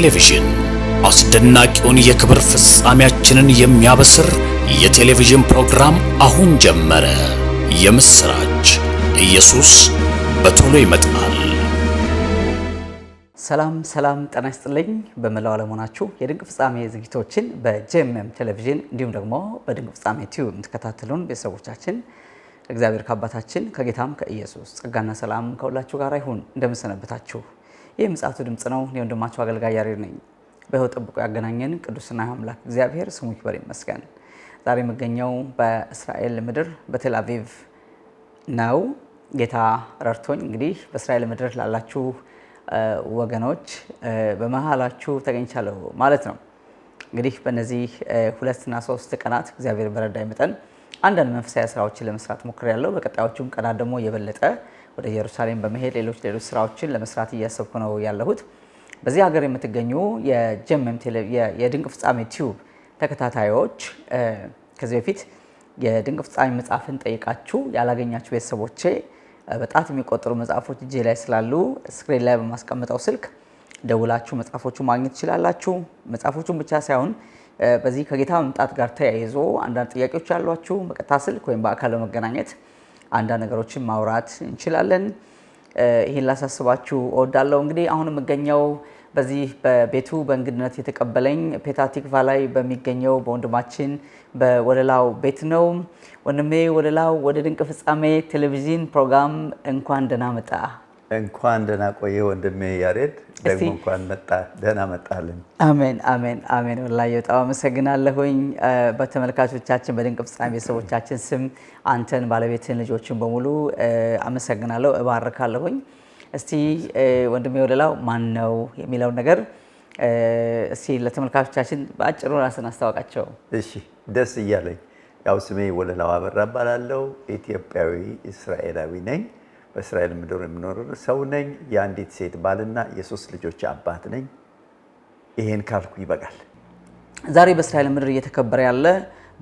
ቴሌቪዥን አስደናቂውን የክብር ፍጻሜያችንን የሚያበስር የቴሌቪዥን ፕሮግራም አሁን ጀመረ። የምስራች! ኢየሱስ በቶሎ ይመጣል። ሰላም ሰላም፣ ጤና ይስጥልኝ በመላው ዓለም ሆናችሁ የድንቅ ፍጻሜ ዝግጅቶችን በጄምኤም ቴሌቪዥን እንዲሁም ደግሞ በድንቅ ፍጻሜ ቲዩብ የምትከታተሉን ቤተሰቦቻችን እግዚአብሔር ከአባታችን ከጌታም ከኢየሱስ ጸጋና ሰላም ከሁላችሁ ጋር ይሁን። እንደምንሰነበታችሁ የምፅዓቱ ድምፅ ነው። እኔ ወንድማቸው አገልጋይ ያሬድ ነኝ። በህይወት ጠብቆ ያገናኘን ቅዱስና አምላክ እግዚአብሔር ስሙ ይክበር ይመስገን። ዛሬ የምገኘው በእስራኤል ምድር በቴልአቪቭ ነው። ጌታ ረድቶኝ እንግዲህ በእስራኤል ምድር ላላችሁ ወገኖች በመሃላችሁ ተገኝቻለሁ ማለት ነው። እንግዲህ በእነዚህ ሁለትና ሶስት ቀናት እግዚአብሔር በረዳኝ መጠን አንዳንድ መንፈሳዊ ስራዎችን ለመስራት ሞክሬያለሁ። በቀጣዮቹም ቀናት ደግሞ የበለጠ ወደ ኢየሩሳሌም በመሄድ ሌሎች ሌሎች ስራዎችን ለመስራት እያሰብኩ ነው ያለሁት። በዚህ ሀገር የምትገኙ የጀመም የድንቅ ፍጻሜ ቲዩብ ተከታታዮች ከዚህ በፊት የድንቅ ፍጻሜ መጽሐፍን ጠይቃችሁ ያላገኛችሁ ቤተሰቦቼ በጣት የሚቆጠሩ መጽሐፎች እጄ ላይ ስላሉ ስክሪን ላይ በማስቀምጠው ስልክ ደውላችሁ መጽሐፎቹ ማግኘት ትችላላችሁ። መጽሐፎቹን ብቻ ሳይሆን በዚህ ከጌታ መምጣት ጋር ተያይዞ አንዳንድ ጥያቄዎች ያሏችሁ በቀጥታ ስልክ ወይም በአካል በመገናኘት አንዳንድ ነገሮችን ማውራት እንችላለን። ይህን ላሳስባችሁ እወዳለሁ። እንግዲህ አሁን የምገኘው በዚህ በቤቱ በእንግድነት የተቀበለኝ ፔታ ላይ በሚገኘው በወንድማችን በወለላው ቤት ነው። ወንድሜ ወለላው፣ ወደ ድንቅ ፍጻሜ ቴሌቪዥን ፕሮግራም እንኳን ደህና መጣ። እንኳን ደህና ቆየ ወንድሜ ያሬድ፣ ደግሞ እንኳን ደህና መጣልን። አሜን አሜን አሜን። ወላሂ በጣም አመሰግናለሁኝ። በተመልካቾቻችን በድንቅ ፍጻሜ ቤተሰቦቻችን ስም አንተን፣ ባለቤትን፣ ልጆችን በሙሉ አመሰግናለሁ፣ እባርካለሁኝ። እስቲ ወንድሜ ወለላው ማን ነው የሚለው ነገር እስቲ ለተመልካቾቻችን በአጭሩ ራስን አስታወቃቸው። እሺ፣ ደስ እያለኝ ያው ስሜ ወለላው አበራ እባላለሁ። ኢትዮጵያዊ እስራኤላዊ ነኝ። በእስራኤል ምድር የምኖር ሰው ነኝ። የአንዲት ሴት ባልና የሶስት ልጆች አባት ነኝ። ይሄን ካልኩ ይበቃል። ዛሬ በእስራኤል ምድር እየተከበረ ያለ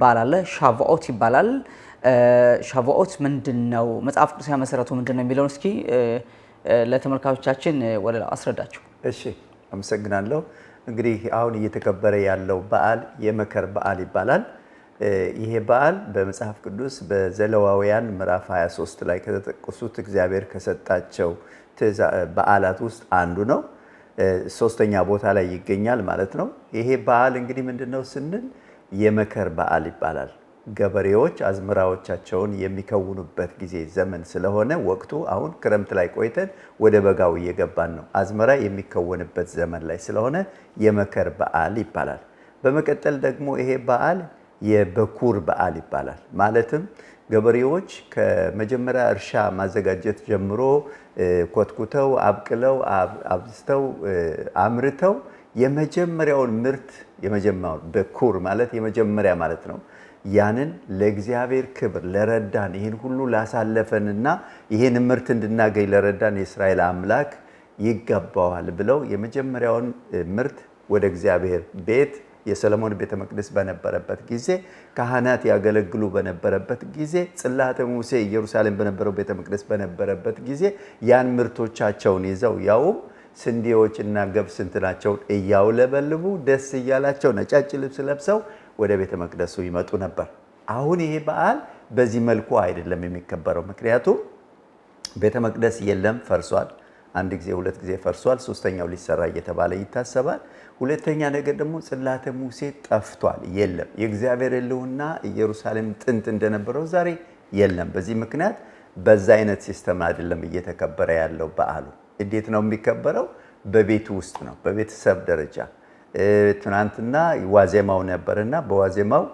በዓል አለ፣ ሻቫኦት ይባላል። ሻቫኦት ምንድን ነው? መጽሐፍ ቅዱስ ያመሰረቱ ምንድን ነው የሚለውን እስኪ ለተመልካቾቻችን ወለላ አስረዳቸው። እሺ፣ አመሰግናለሁ። እንግዲህ አሁን እየተከበረ ያለው በዓል የመከር በዓል ይባላል። ይሄ በዓል በመጽሐፍ ቅዱስ በዘለዋውያን ምዕራፍ 23 ላይ ከተጠቀሱት እግዚአብሔር ከሰጣቸው በዓላት ውስጥ አንዱ ነው። ሶስተኛ ቦታ ላይ ይገኛል ማለት ነው። ይሄ በዓል እንግዲህ ምንድን ነው ስንል የመከር በዓል ይባላል። ገበሬዎች አዝመራዎቻቸውን የሚከውኑበት ጊዜ ዘመን ስለሆነ ወቅቱ አሁን ክረምት ላይ ቆይተን ወደ በጋው እየገባን ነው። አዝመራ የሚከወንበት ዘመን ላይ ስለሆነ የመከር በዓል ይባላል። በመቀጠል ደግሞ ይሄ በዓል የበኩር በዓል ይባላል። ማለትም ገበሬዎች ከመጀመሪያ እርሻ ማዘጋጀት ጀምሮ ኮትኩተው፣ አብቅለው፣ አብዝተው፣ አምርተው የመጀመሪያውን ምርት የመጀመሪያውን በኩር ማለት የመጀመሪያ ማለት ነው። ያንን ለእግዚአብሔር ክብር ለረዳን ይህን ሁሉ ላሳለፈንና ይህን ምርት እንድናገኝ ለረዳን የእስራኤል አምላክ ይገባዋል ብለው የመጀመሪያውን ምርት ወደ እግዚአብሔር ቤት የሰለሞን ቤተ መቅደስ በነበረበት ጊዜ ካህናት ያገለግሉ በነበረበት ጊዜ ጽላተ ሙሴ ኢየሩሳሌም በነበረው ቤተ መቅደስ በነበረበት ጊዜ ያን ምርቶቻቸውን ይዘው ያውም ስንዴዎች እና ገብስ እንትናቸውን እያውለበልቡ ደስ እያላቸው ነጫጭ ልብስ ለብሰው ወደ ቤተ መቅደሱ ይመጡ ነበር። አሁን ይሄ በዓል በዚህ መልኩ አይደለም የሚከበረው። ምክንያቱም ቤተ መቅደስ የለም፣ ፈርሷል። አንድ ጊዜ ሁለት ጊዜ ፈርሷል። ሶስተኛው ሊሰራ እየተባለ ይታሰባል። ሁለተኛ ነገር ደግሞ ጽላተ ሙሴ ጠፍቷል፣ የለም። የእግዚአብሔር ሕልውና ኢየሩሳሌም ጥንት እንደነበረው ዛሬ የለም። በዚህ ምክንያት በዛ አይነት ሲስተም አይደለም እየተከበረ ያለው በዓሉ። እንዴት ነው የሚከበረው? በቤቱ ውስጥ ነው፣ በቤተሰብ ደረጃ። ትናንትና ዋዜማው ነበርና በዋዜማው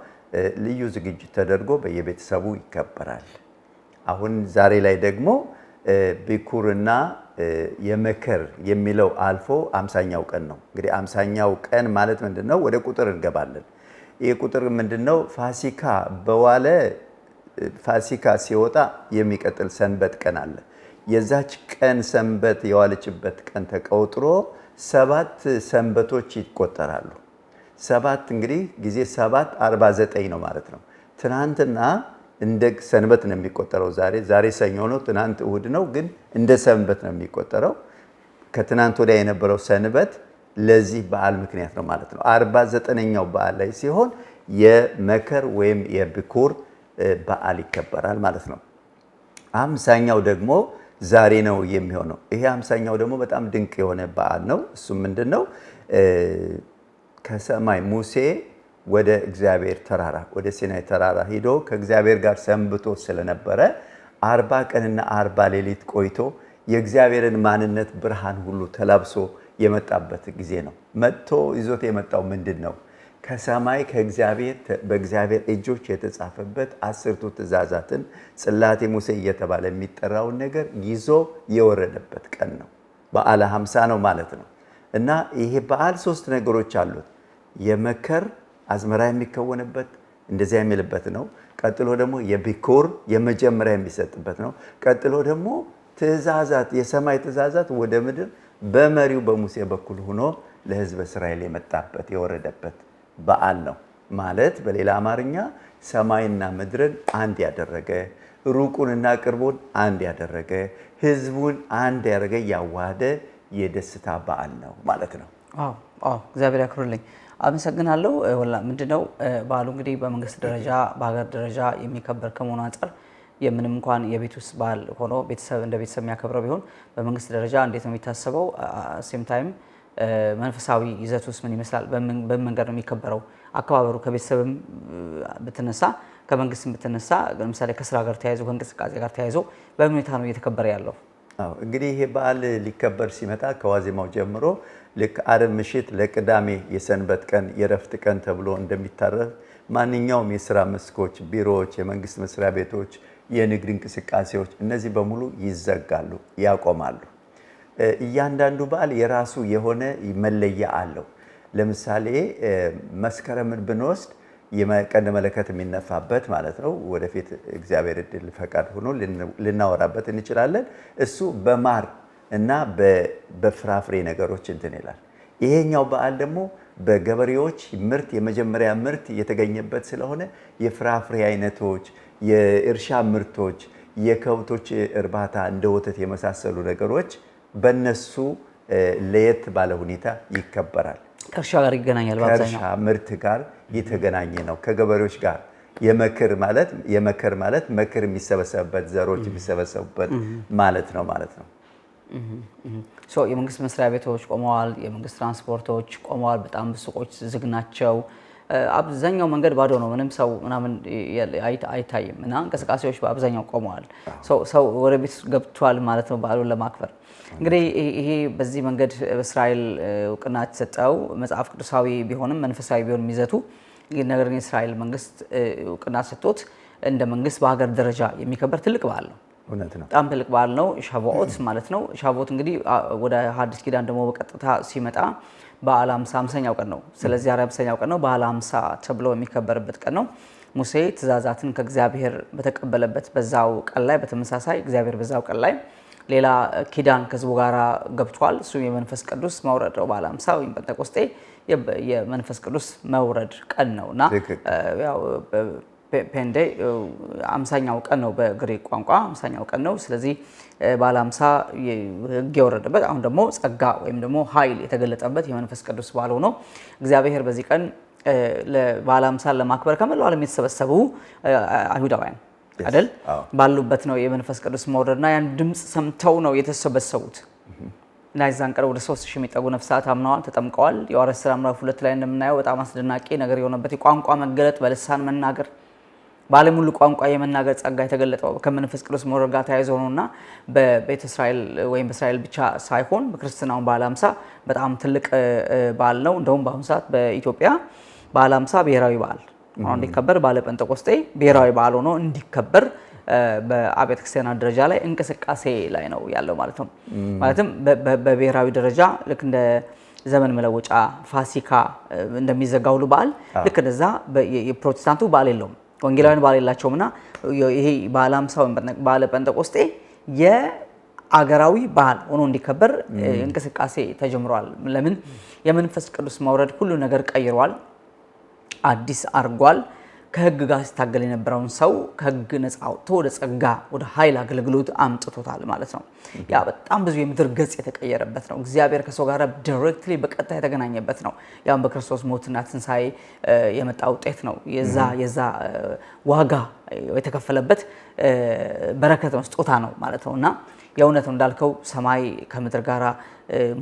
ልዩ ዝግጅት ተደርጎ በየቤተሰቡ ይከበራል። አሁን ዛሬ ላይ ደግሞ ብኩርና የመከር የሚለው አልፎ አምሳኛው ቀን ነው። እንግዲህ አምሳኛው ቀን ማለት ምንድን ነው? ወደ ቁጥር እንገባለን። ይህ ቁጥር ምንድን ነው? ፋሲካ በዋለ ፋሲካ ሲወጣ የሚቀጥል ሰንበት ቀን አለ። የዛች ቀን ሰንበት የዋለችበት ቀን ተቆጥሮ ሰባት ሰንበቶች ይቆጠራሉ። ሰባት እንግዲህ ጊዜ ሰባት አርባ ዘጠኝ ነው ማለት ነው። ትናንትና እንደ ሰንበት ነው የሚቆጠረው። ዛሬ ዛሬ ሰኞ ነው፣ ትናንት እሁድ ነው፣ ግን እንደ ሰንበት ነው የሚቆጠረው። ከትናንት ወዲያ የነበረው ሰንበት ለዚህ በዓል ምክንያት ነው ማለት ነው። አርባ ዘጠነኛው በዓል ላይ ሲሆን የመከር ወይም የብኩር በዓል ይከበራል ማለት ነው። አምሳኛው ደግሞ ዛሬ ነው የሚሆነው። ይሄ አምሳኛው ደግሞ በጣም ድንቅ የሆነ በዓል ነው። እሱም ምንድን ነው? ከሰማይ ሙሴ ወደ እግዚአብሔር ተራራ ወደ ሲናይ ተራራ ሂዶ ከእግዚአብሔር ጋር ሰንብቶ ስለነበረ አርባ ቀንና አርባ ሌሊት ቆይቶ የእግዚአብሔርን ማንነት ብርሃን ሁሉ ተላብሶ የመጣበት ጊዜ ነው። መጥቶ ይዞት የመጣው ምንድን ነው? ከሰማይ ከእግዚአብሔር በእግዚአብሔር እጆች የተጻፈበት አስርቱ ትእዛዛትን ጽላቴ ሙሴ እየተባለ የሚጠራውን ነገር ይዞ የወረደበት ቀን ነው። በዓለ ሃምሳ ነው ማለት ነው። እና ይሄ በዓል ሶስት ነገሮች አሉት የመከር አዝመራ የሚከወንበት እንደዚያ የሚልበት ነው። ቀጥሎ ደግሞ የቢኮር የመጀመሪያ የሚሰጥበት ነው። ቀጥሎ ደግሞ ትእዛዛት፣ የሰማይ ትእዛዛት ወደ ምድር በመሪው በሙሴ በኩል ሆኖ ለህዝብ እስራኤል የመጣበት የወረደበት በዓል ነው ማለት በሌላ አማርኛ ሰማይና ምድርን አንድ ያደረገ ሩቁንና ቅርቡን አንድ ያደረገ ህዝቡን አንድ ያደረገ ያዋሃደ የደስታ በዓል ነው ማለት ነው። እግዚአብሔር ያክሩልኝ። አመሰግናለሁ። ወላ ምንድነው በዓሉ እንግዲህ በመንግስት ደረጃ በሀገር ደረጃ የሚከበር ከመሆኑ አንጻር የምንም እንኳን የቤት ውስጥ በዓል ሆኖ ቤተሰብ እንደ ቤተሰብ የሚያከብረው ቢሆን በመንግስት ደረጃ እንዴት ነው የሚታሰበው? ሴም ታይም መንፈሳዊ ይዘት ውስጥ ምን ይመስላል? በምን መንገድ ነው የሚከበረው? አከባበሩ ከቤተሰብም ብትነሳ ከመንግስትም ብትነሳ፣ ለምሳሌ ከስራ ጋር ተያይዞ ከእንቅስቃሴ ጋር ተያይዞ በምን ሁኔታ ነው እየተከበረ ያለው? እንግዲህ ይሄ በዓል ሊከበር ሲመጣ ከዋዜማው ጀምሮ ልክ አርብ ምሽት ለቅዳሜ የሰንበት ቀን የረፍት ቀን ተብሎ እንደሚታረፍ ማንኛውም የስራ መስኮች፣ ቢሮዎች፣ የመንግስት መስሪያ ቤቶች፣ የንግድ እንቅስቃሴዎች እነዚህ በሙሉ ይዘጋሉ፣ ያቆማሉ። እያንዳንዱ በዓል የራሱ የሆነ መለያ አለው። ለምሳሌ መስከረምን ብንወስድ የቀንደ መለከት የሚነፋበት ማለት ነው። ወደፊት እግዚአብሔር እድል ፈቃድ ሆኖ ልናወራበት እንችላለን። እሱ በማር እና በፍራፍሬ ነገሮች እንትን ይላል። ይሄኛው በዓል ደግሞ በገበሬዎች ምርት የመጀመሪያ ምርት የተገኘበት ስለሆነ የፍራፍሬ አይነቶች፣ የእርሻ ምርቶች፣ የከብቶች እርባታ እንደ ወተት የመሳሰሉ ነገሮች በነሱ ለየት ባለ ሁኔታ ይከበራል። ከእርሻ ጋር ይገናኛል። ከእርሻ ምርት ጋር የተገናኘ ነው። ከገበሬዎች ጋር የመክር ማለት የመክር ማለት መክር የሚሰበሰብበት ዘሮች የሚሰበሰቡበት ማለት ነው ማለት ነው። የመንግስት መስሪያ ቤቶች ቆመዋል። የመንግስት ትራንስፖርቶች ቆመዋል። በጣም ሱቆች ዝግ ናቸው። አብዛኛው መንገድ ባዶ ነው። ምንም ሰው ምናምን አይታይም እና እንቅስቃሴዎች በአብዛኛው ቆመዋል። ሰው ወደ ቤት ገብቷል ማለት ነው በዓሉን ለማክበር እንግዲህ ይሄ በዚህ መንገድ እስራኤል እውቅና የተሰጠው መጽሐፍ ቅዱሳዊ ቢሆንም መንፈሳዊ ቢሆንም ይዘቱ ነገር የእስራኤል መንግስት እውቅና ሰጥቶት እንደ መንግስት በሀገር ደረጃ የሚከበር ትልቅ በዓል ነው። በጣም ትልቅ በዓል ነው ሻቮት ማለት ነው። ሻቮት እንግዲህ ወደ ሐዲስ ኪዳን ደግሞ በቀጥታ ሲመጣ በዓለ ሃምሳ ሃምሳኛው ቀን ነው። ስለዚህ ዛሬ ሃምሳኛው ቀን ነው፣ በዓለ ሃምሳ ተብሎ የሚከበርበት ቀን ነው። ሙሴ ትእዛዛትን ከእግዚአብሔር በተቀበለበት በዛው ቀን ላይ በተመሳሳይ እግዚአብሔር በዛው ቀን ላይ ሌላ ኪዳን ከህዝቡ ጋር ገብቷል። እሱም የመንፈስ ቅዱስ መውረድ ነው። በዓለ ሃምሳ ወይም ጴንጤቆስጤ የመንፈስ ቅዱስ መውረድ ቀን ነው እና ፔንዴ አምሳኛው ቀን ነው በግሪክ ቋንቋ አምሳኛው ቀን ነው። ስለዚህ ባለ አምሳ ሕግ የወረደበት አሁን ደግሞ ጸጋ ወይም ደግሞ ኃይል የተገለጠበት የመንፈስ ቅዱስ በዓል ሆኖ እግዚአብሔር በዚህ ቀን ባለ አምሳን ለማክበር ከመላው ዓለም የተሰበሰቡ አይሁዳውያን አይደል ባሉበት ነው የመንፈስ ቅዱስ መውረድና ያን ድምፅ ሰምተው ነው የተሰበሰቡት እና የዛን ቀን ወደ ሶስት ሺህ የሚጠጉ ነፍሳት አምነዋል፣ ተጠምቀዋል። የዋረስ ስራ ምዕራፍ ሁለት ላይ እንደምናየው በጣም አስደናቂ ነገር የሆነበት የቋንቋ መገለጥ በልሳን መናገር ባለሙሉ ቋንቋ የመናገር ጸጋ የተገለጠው ከመንፈስ ቅዱስ መውረድ ጋር ተያይዞ እና በቤተ እስራኤል ወይም በእስራኤል ብቻ ሳይሆን በክርስትናውን በዓለ ሃምሳ በጣም ትልቅ በዓል ነው። እንደውም በአሁኑ ሰዓት በኢትዮጵያ በዓለ ሃምሳ ብሔራዊ በዓል ሆኖ እንዲከበር፣ በዓለ ጴንጠቆስጤ ብሔራዊ በዓል ሆኖ እንዲከበር በአብያተ ክርስቲያናት ደረጃ ላይ እንቅስቃሴ ላይ ነው ያለው ማለት ነው። ማለትም በብሔራዊ ደረጃ ልክ እንደ ዘመን መለወጫ ፋሲካ እንደሚዘጋ ሁሉ በዓል ልክ እንደዛ የፕሮቴስታንቱ በዓል የለውም ወንጌላውያን ባል የላቸውም ና ይሄ በዓለ ሃምሳውን ባለ ጴንጠቆስጤ የአገራዊ ባህል ሆኖ እንዲከበር እንቅስቃሴ ተጀምሯል። ለምን የመንፈስ ቅዱስ መውረድ ሁሉ ነገር ቀይሯል፣ አዲስ አድርጓል። ከህግ ጋር ሲታገል የነበረውን ሰው ከህግ ነፃ አውጥቶ ወደ ጸጋ፣ ወደ ኃይል አገልግሎት አምጥቶታል ማለት ነው። ያ በጣም ብዙ የምድር ገጽ የተቀየረበት ነው። እግዚአብሔር ከሰው ጋር ዳይሬክትሊ በቀጥታ የተገናኘበት ነው። ያም በክርስቶስ ሞትና ትንሣኤ የመጣ ውጤት ነው። የዛ የዛ ዋጋ የተከፈለበት በረከት ነው፣ ስጦታ ነው ማለት ነው እና የእውነት ነው እንዳልከው ሰማይ ከምድር ጋር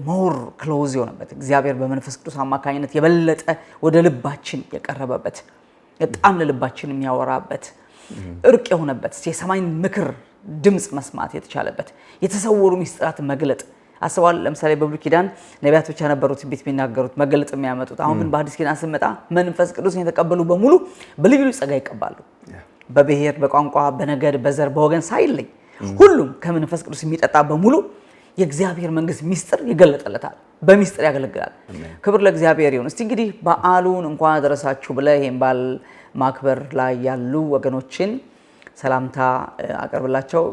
ሞር ክሎዝ የሆነበት እግዚአብሔር በመንፈስ ቅዱስ አማካኝነት የበለጠ ወደ ልባችን የቀረበበት በጣም ለልባችን የሚያወራበት እርቅ የሆነበት የሰማይን ምክር ድምፅ መስማት የተቻለበት የተሰወሩ ሚስጥራት መግለጥ አስበዋል። ለምሳሌ በብሉይ ኪዳን ነቢያት ብቻ ነበሩ ትንቢት የሚናገሩት መገለጥ የሚያመጡት። አሁን ግን በአዲስ ኪዳን ስንመጣ መንፈስ ቅዱስን የተቀበሉ በሙሉ በልዩ ልዩ ጸጋ ይቀባሉ። በብሔር፣ በቋንቋ፣ በነገድ፣ በዘር፣ በወገን ሳይለይ ሁሉም ከመንፈስ ቅዱስ የሚጠጣ በሙሉ የእግዚአብሔር መንግስት ሚስጥር ይገለጠለታል። በሚስጥር ያገለግላል። ክብር ለእግዚአብሔር ይሁን። እስቲ እንግዲህ በዓሉን እንኳን አደረሳችሁ ብለ ይህን በዓል ማክበር ላይ ያሉ ወገኖችን ሰላምታ አቅርብላቸው፣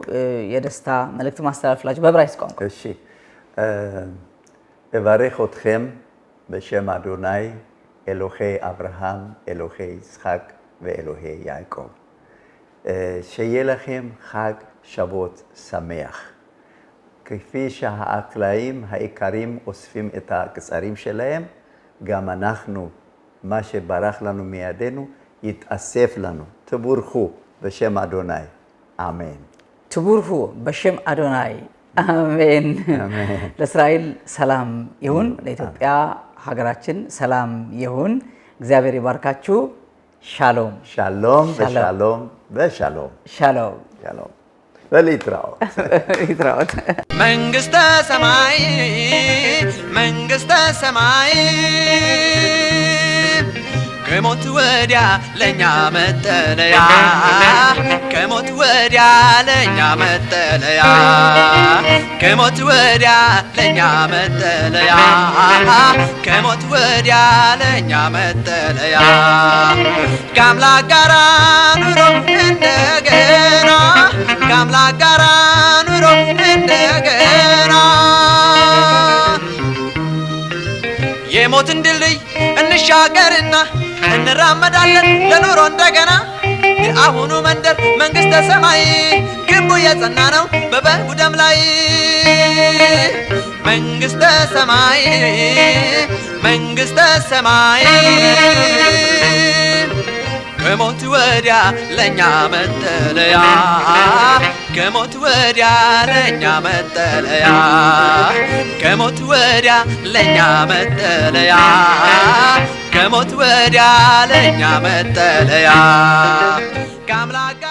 የደስታ መልእክት ማስተላለፍላቸው በዕብራይስጥ ቋንቋ። እሺ እባሬክ ኦትከም በሸም አዶናይ ኤሎሄ አብርሃም ኤሎሄ ይስሐቅ ወኤሎሄ ያዕቆብ שיהיה לכם ሸቦት שבות כפי שהחקלאים העיקרים אוספים את הקצרים שלהם, גם אנחנו, מה שברח לנו מידינו, יתאסף לנו. תבורכו בשם אדוני. אמן. תבורכו בשם אדוני. አሜን። ለእስራኤል ሰላም ይሁን፣ ለኢትዮጵያ ሀገራችን ሰላም ይሁን። እግዚአብሔር ይባርካችሁ። ሻሎም ሻሎም በሻሎም በሻሎም ሻሎም በሊትራዎት ሊትራዎት መንግስተ ሰማይ መንግስተ ሰማይ ከሞት ወዲያ ለእኛ መጠለያ ከሞት ወዲያ ለእኛ መጠለያ ከሞት ወዲያ ለእኛ መጠለያ ከሞት ወዲያ ለእኛ መጠለያ ከአምላክ ጋራ ኑሮ እንደገና ከአምላክ ጋራ ኑሮ እንደገና የሞትን ድልድይ እንሻገርና እንራመዳለን ለኑሮ እንደገና የአሁኑ መንደር መንግስተ ሰማይ ግንቡ የጸና ነው በበጉ ደም ላይ መንግስተ ሰማይ መንግሥተ ሰማይ ከሞት ወዲያ ለእኛ መጠለያ ከሞት ወዲያ ለእኛ መጠለያ ከሞት ወዲያ ለእኛ መጠለያ ከሞት ወዲያ ለእኛ መጠለያ ከአምላክ